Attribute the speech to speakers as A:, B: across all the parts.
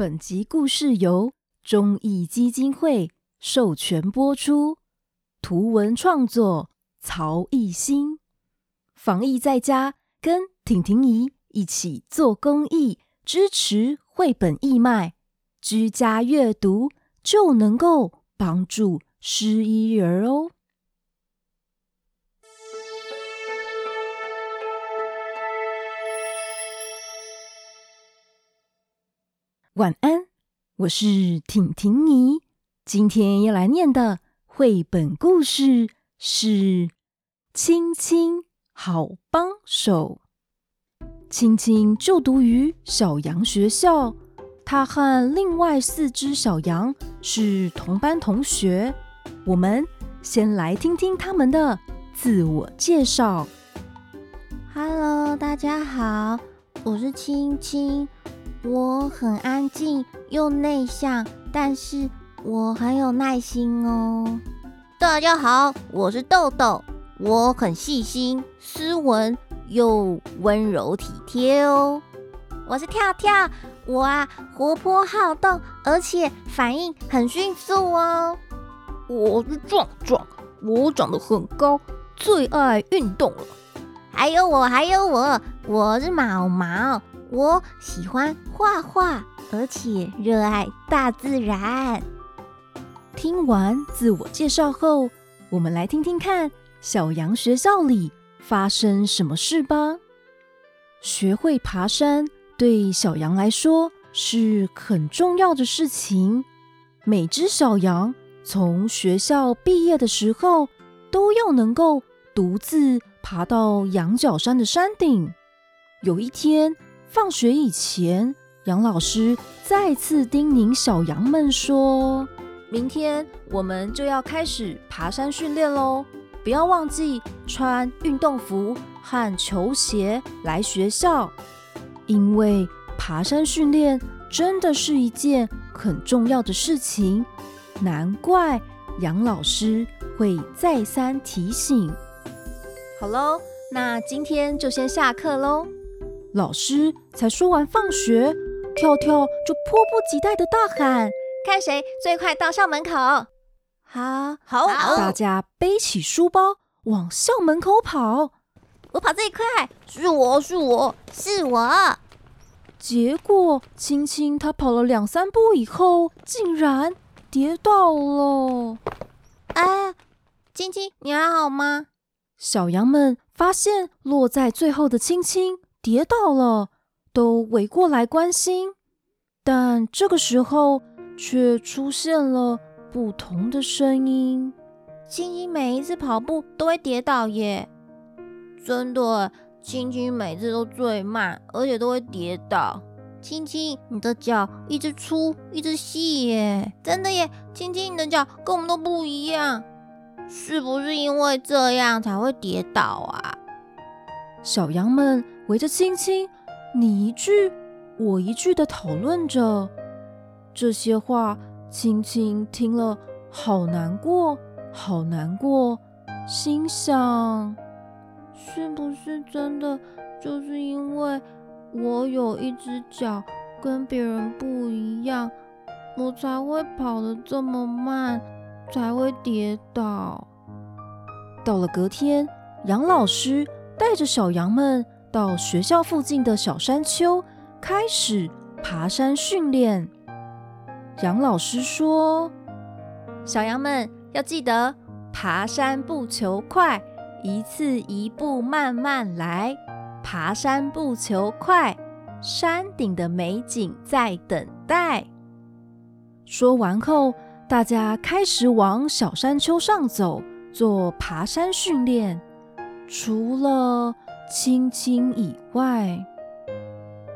A: 本集故事由忠義基金會授權播出，圖文創作曹益欣。防疫在家，跟婷婷姨一起做公益，支持繪本義賣，居家閱讀就能夠幫助失依兒哦。晚安，我是婷婷姨，今天要來念的繪本故事是《青青好幫手》。青青就讀於小羊學校，他和另外四隻小羊是同班同學。我們先來聽聽他們的自我介紹。Hello，大家好，我是青青。我很安靜又內向，但是我很有耐心哦。大家好，我是豆豆，我很細心、斯文又溫柔體貼哦。我是跳跳，我啊活潑好動，而且反應很迅速哦。我是壯壯，我長得很高，最愛運動了。還有我，還有我，我是毛毛。我喜歡畫畫，而且熱愛大自然。聽完自我介紹後，我們來聽聽看小羊學校裡發生什麼事吧。學會爬山對小羊來說是很重要的事情。每隻小羊從學校畢業的時候，都要能夠獨自爬到羊角山的山頂。有一天，放學以前，楊老師再次叮嚀小羊們說：“明天我們就要開始爬山訓練嘍，不要忘記穿運動服和球鞋來學校，因為爬山訓練真的是一件很重要的事情。難怪楊老師會再三提醒。好嘍，那今天就先下課嘍。”老師才說完，放學，跳跳就迫不及待地大喊：“看誰最快到校門口！”好好好，好好，大家背起書包往校門口跑。我跑最快，是我是我是我！是我。結果青青他跑了兩三步以後，竟然跌倒了。哎、啊，青青，你還好嗎？小羊們發現落在最後的青青。跌倒了，都圍過來關心，但這個時候卻出現了不同的聲音。青青每一次跑步都會跌倒耶，真的，青青每次都最慢，而且都會跌倒。青青，你的腳一隻粗一隻細耶，真的耶，青青你的腳跟我們都不一樣，是不是因為這樣才會跌倒啊？小羊們。圍着青青，你一句我一句地討論着。這些話，青青聽了好難過，好難過，心想：是不是真的？就是因為我有一隻腳跟別人不一樣，我才會跑得這麼慢，才會跌倒。到了隔天，楊老師帶着小羊們。到學校附近的小山丘，開始爬山訓練。楊老師說：“小羊們要記得，爬山不求快，一次一步慢慢來。爬山不求快，山頂的美景在等待。”說完後，大家開始往小山丘上走，做爬山訓練。除了青青以外，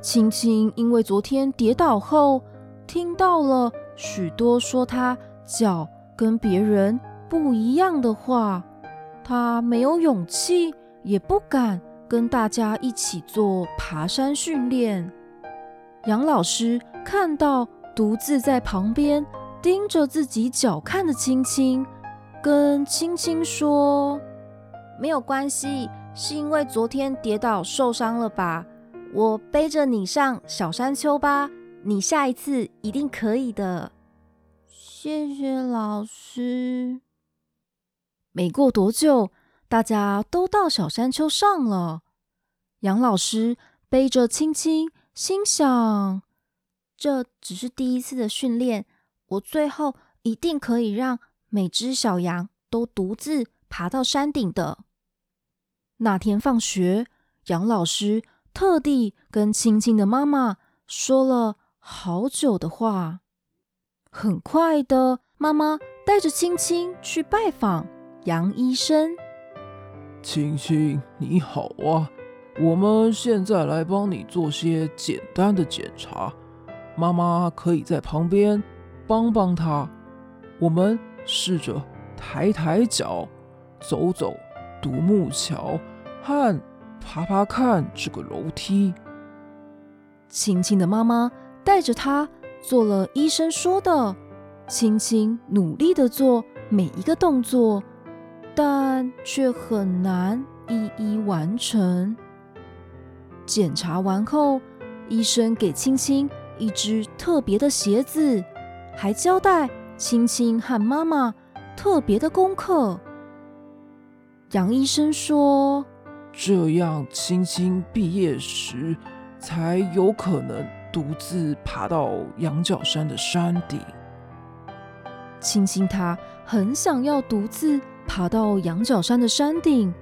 A: 青青因為昨天跌倒後，聽到了許多說他腳跟別人不一樣的話，他沒有勇氣，也不敢跟大家一起做爬山訓練。楊老師看到獨自在旁邊盯着自己腳看的青青，跟青青說：“沒有關係。”是因為昨天跌倒受傷了吧？我背着你上小山丘吧，你下一次一定可以的。謝謝老師。沒過多久，大家都到小山丘上了。楊老師背着青青，心想，這只是第一次的訓練，我最後一定可以讓每隻小羊都獨自爬到山頂的。那天放學，楊老師特地跟青青的媽媽說了好久的話。很快的，媽媽帶着青青去拜訪楊醫生。青青，你好啊！我們現在來幫你做些簡單的檢查。媽媽可以在旁邊幫幫他。我們試着抬抬腳，走走。獨木橋和爬爬看這個樓梯。青青的媽媽帶着她做了醫生說的，青青努力的做每一個動作，但卻很難一一完成。檢查完後，醫生給青青一隻特別的鞋子，還交代青青和媽媽特別的功課。楊醫生說：“這樣，青青畢業時才有可能獨自爬到羊角山的山頂。”青青他很想要獨自爬到羊角山的山頂，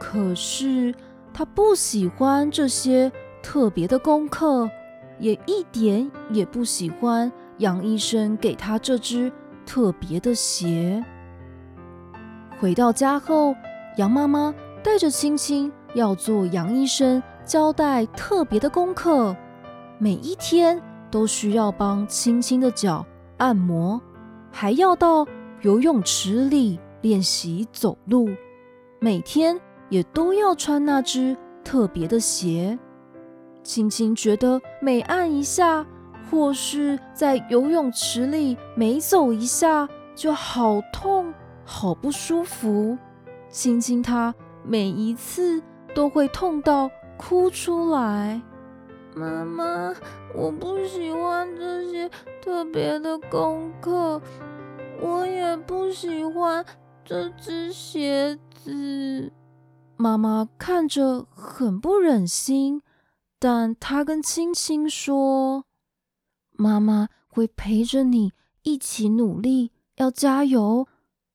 A: 可是他不喜歡這些特別的功課，也一點也不喜歡楊醫生給他這隻特別的鞋。回到家後。羊媽媽帶着青青要做羊醫生交代特別的功課，每一天都需要幫青青的腳按摩，還要到游泳池裡練習走路，每天也都要穿那隻特別的鞋。青青覺得每按一下，或是在游泳池裡每走一下，就好痛，好不舒服。青青，他每一次都會痛到哭出來。媽媽，我不喜歡這些特別的功課，我也不喜歡這隻鞋子。媽媽看着很不忍心，但她跟青青說：“媽媽會陪着你一起努力，要加油。”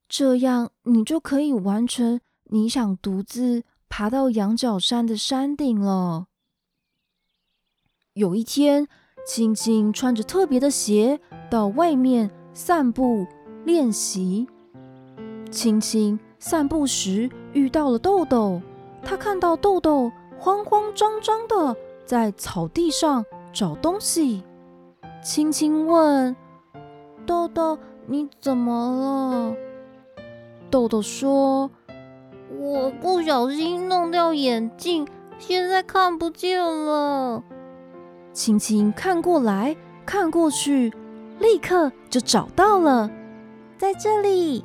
A: 這樣，你就可以完成你想獨自爬到羊角山的山頂了。有一天，青青穿着特別的鞋到外面散步、練習。青青散步時遇到了豆豆，他看到豆豆慌慌張張地在草地上找東西。青青問：“豆豆，你怎麼了？”豆豆說：“我不小心弄掉眼鏡，現在看不見了。”青青看過來，看過去，立刻就找到了，在這裡。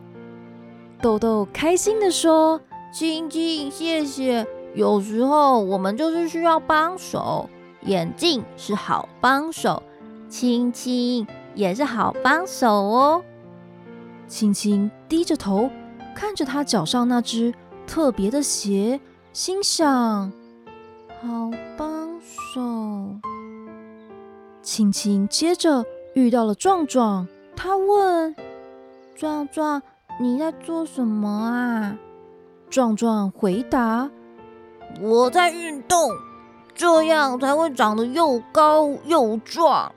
A: 豆豆開心地說：“青青，謝謝！有時候我們就是需要幫手，眼鏡是好幫手，青青也是好幫手哦。”青青低着頭。看着他腳上那隻特別的鞋，心想：好幫手。青青接着遇到了壯壯，他問：壯壯，你在做什麼啊？壯壯回答：我在運動，這樣才會長得又高又壯。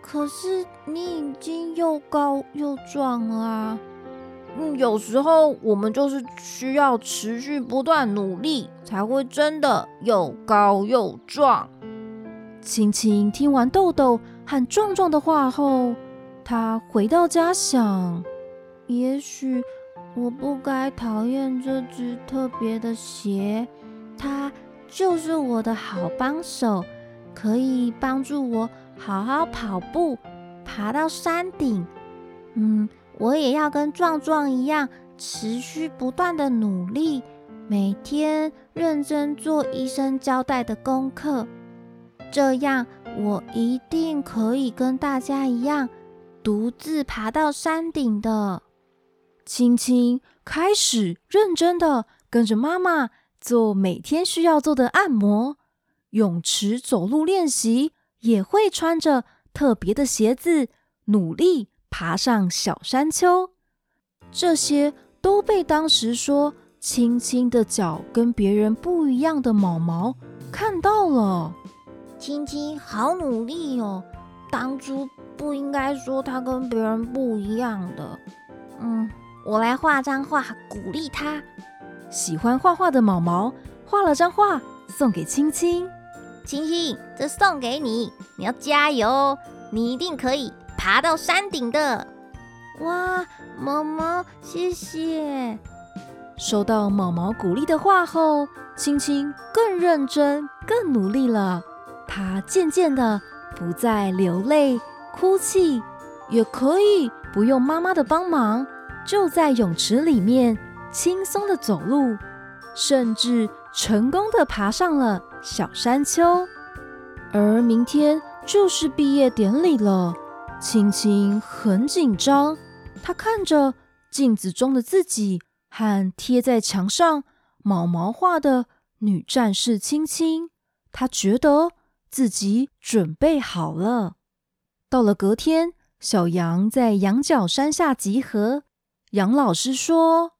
A: 可是你已經又高又壯了啊！嗯，有時候我們就是需要持續不斷努力，才會真的又高又壯。青青聽完豆豆和壯壯的話後，他回到家想：也許我不該討厭這隻特別的鞋，它就是我的好幫手，可以幫助我好好跑步，爬到山頂。嗯。我也要跟壯壯一樣，持續不斷的努力，每天認真做醫生交代的功課，這樣我一定可以跟大家一樣，獨自爬到山頂的。青青開始認真的跟着媽媽做每天需要做的按摩、泳池走路練習，也會穿着特別的鞋子努力。爬上小山丘，這些都被當時說青青的腳跟別人不一樣的毛毛看到了。青青好努力哦，當初不應該說他跟別人不一樣的。嗯，我來畫張畫鼓勵他。喜歡畫畫的毛毛畫了張畫送給青青。青青，這送給你，你要加油哦，你一定可以爬到山頂的。哇，毛毛，謝謝！收到毛毛鼓勵的話後，青青更認真、更努力了。她漸漸的不再流淚、哭泣，也可以不用媽媽的幫忙，就在泳池裡面輕鬆的走路，甚至成功的爬上了小山丘。而明天就是畢業典禮了。青青很緊張，她看着鏡子中的自己和貼在牆上毛毛畫的女戰士青青，她覺得自己準備好了。到了隔天，小羊在羊角山下集合。羊老師說：“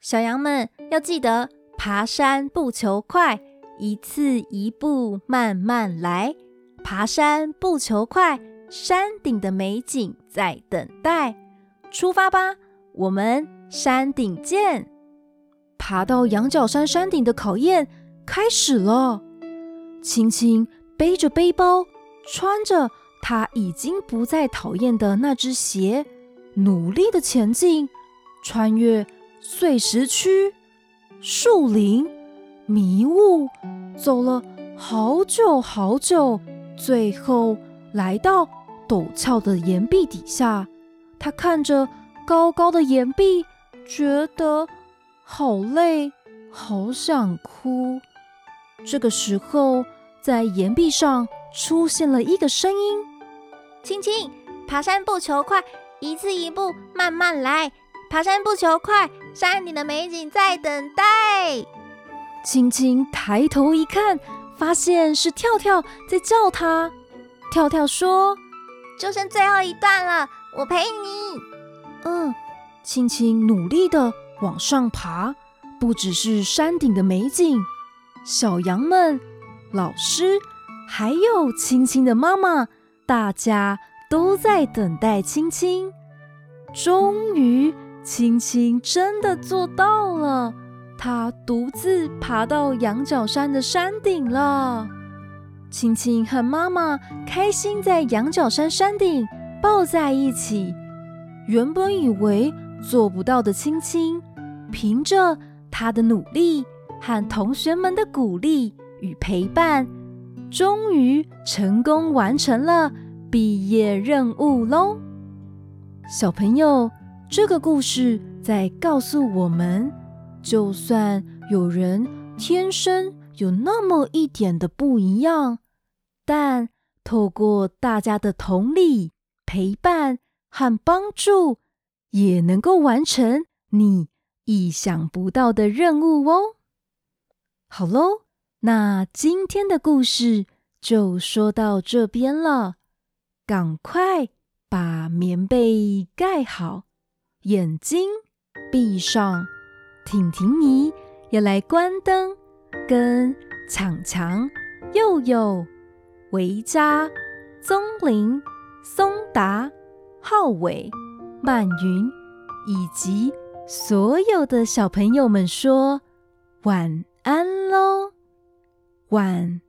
A: 小羊們要記得，爬山不求快，一次一步慢慢來。爬山不求快。”山頂的美景在等待，出發吧，我們山頂見！爬到羊角山山頂的考驗開始了。青青背着背包，穿着他已經不再討厭的那隻鞋，努力的前進，穿越碎石區、樹林、迷霧，走了好久好久，最後。來到陡峭的岩壁底下，他看着高高的岩壁，覺得好累，好想哭。這個時候，在岩壁上出現了一個聲音：“青青，爬山不求快，一次一步，慢慢來。爬山不求快，山頂的美景在等待。”青青抬頭一看，發現是跳跳在叫他。跳跳說：“就剩最後一段了，我陪你。”嗯，青青努力地往上爬，不只是山頂的美景，小羊們、老師，還有青青的媽媽，大家都在等待青青。終於，青青真的做到了，她獨自爬到羊角山的山頂了。青青和媽媽開心在羊角山山頂抱在一起。原本以為做不到的青青，憑着他的努力和同學們的鼓勵與陪伴，終於成功完成了畢業任務嘍。小朋友，這個故事在告訴我們，就算有人天生……有那麼一點的不一樣，但透過大家的同理、陪伴和幫助，也能夠完成你意想不到的任務哦。好嘍，那今天的故事就說到這邊了。趕快把棉被蓋好，眼睛閉上。婷婷姨要來關燈。跟薔薔、佑佑、唯嘉、宗霖、松達、昊緯、曼昀以及所有的小朋友們說晚安嘍，晚。